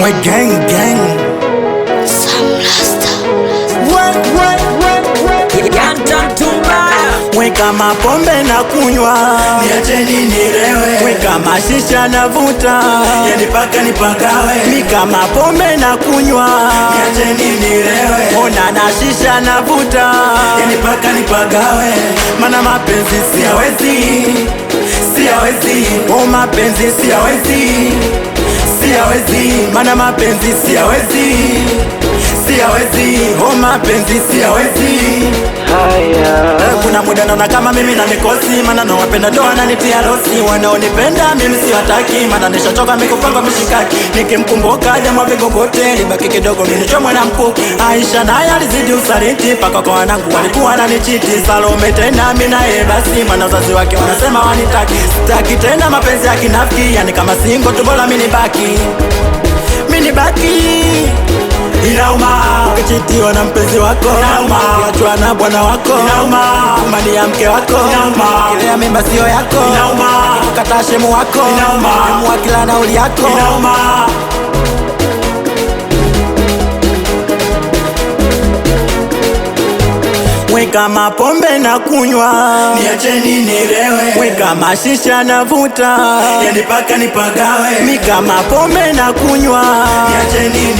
Ouais gang, gang. kama pombe What, what, what, what? Yanta Tumba. Weka mapombe na kunywa. Niache nilewe. Weka mashisha na vuta. Yani paka nipagawe. Mika mapombe na kunywa. Niache nirewe Ona na shisha na vuta. Yani paka nipagawe. Mana mapenzi siyawezi. Siyawezi. Oh mapenzi siyawezi hawezi, mana mapenzi si siyawezi, o oh, mapenzi siyawezi. Haya, eh, kuna muda naona kama mimi na mikosi, maana nawapenda ndo wananitia losi, wanaonipenda mimi siwataki, maana nishachoka mikupanga mishikaki, nikimkumbuka jamwa vigogote, libaki kidogo mimi nichomwe na mkuki. Aisha naye alizidi usariti paka kwa wanangu walikuwa wananichiti, Salome tena mimi naye basi, maana wazazi wake wanasema wanitaki, sitaki tena mapenzi ya kinafiki, yani kama singo tubola bora mimi nibaki, mimi Inauma ukichitiwa na mpenzi wako, inauma ukiachwa na bwana wako, inauma kumani ya mke wako, inauma ukilea mimba sio yako, inauma ukikataa shemu wako, inauma kuamua kila nauli yako, inauma Weka mapombe na kunywa, niacheni nilewe. weka mashisha na vuta, yanipaka nipagawe. Mika mapombe na kunywa, niacheni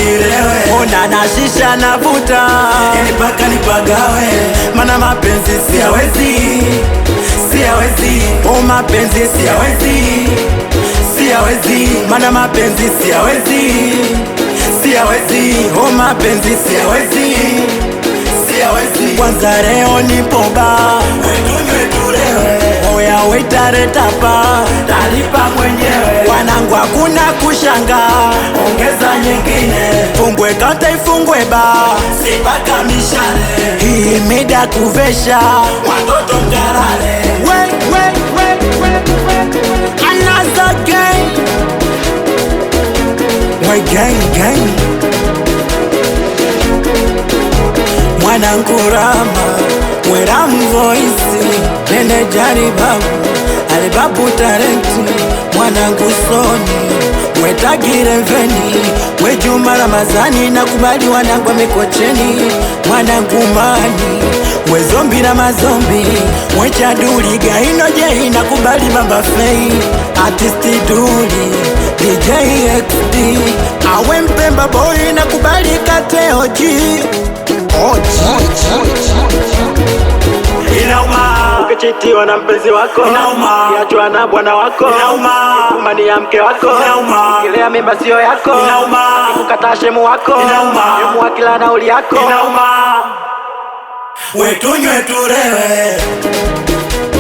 na shisha na navuta, Yeni paka ni pagawe mana mapenzi siyawezi, siyawezi, o oh, mapenzi siyawezi, siyawezi, mana mapenzi siyawezi, siyawezi, o oh, mapenzi siyawezi, siyawezi. Kwanza reo ni leo nipo ba oya, waitareta pa talipa mwenyewe, wanangu hakuna kushanga ifungwe, kata ifungwe ba sipata mishale, hii mida kuvesha watoto mkarale, we we we we another gang we gang gang mwanankurama mwera mvoisi nende jaribabu alibabu talenti mwanangusoni mwetagire wejuma Ramazani na kubali wanangu amekocheni mwanangumani wezombi na mazombi mwechaduli gaino jei na kubali Baba Fei artisti duli DJ XD awe mpemba boy na kubali kateoji Kuchitiwa na mpenzi wako inauma, kiachwa na bwana wako inauma, kumani ya mke wako inauma, kilea mimba sio yako inauma, shemu wako inauma, kila nauli yako inauma, wetunywe tulewe eh.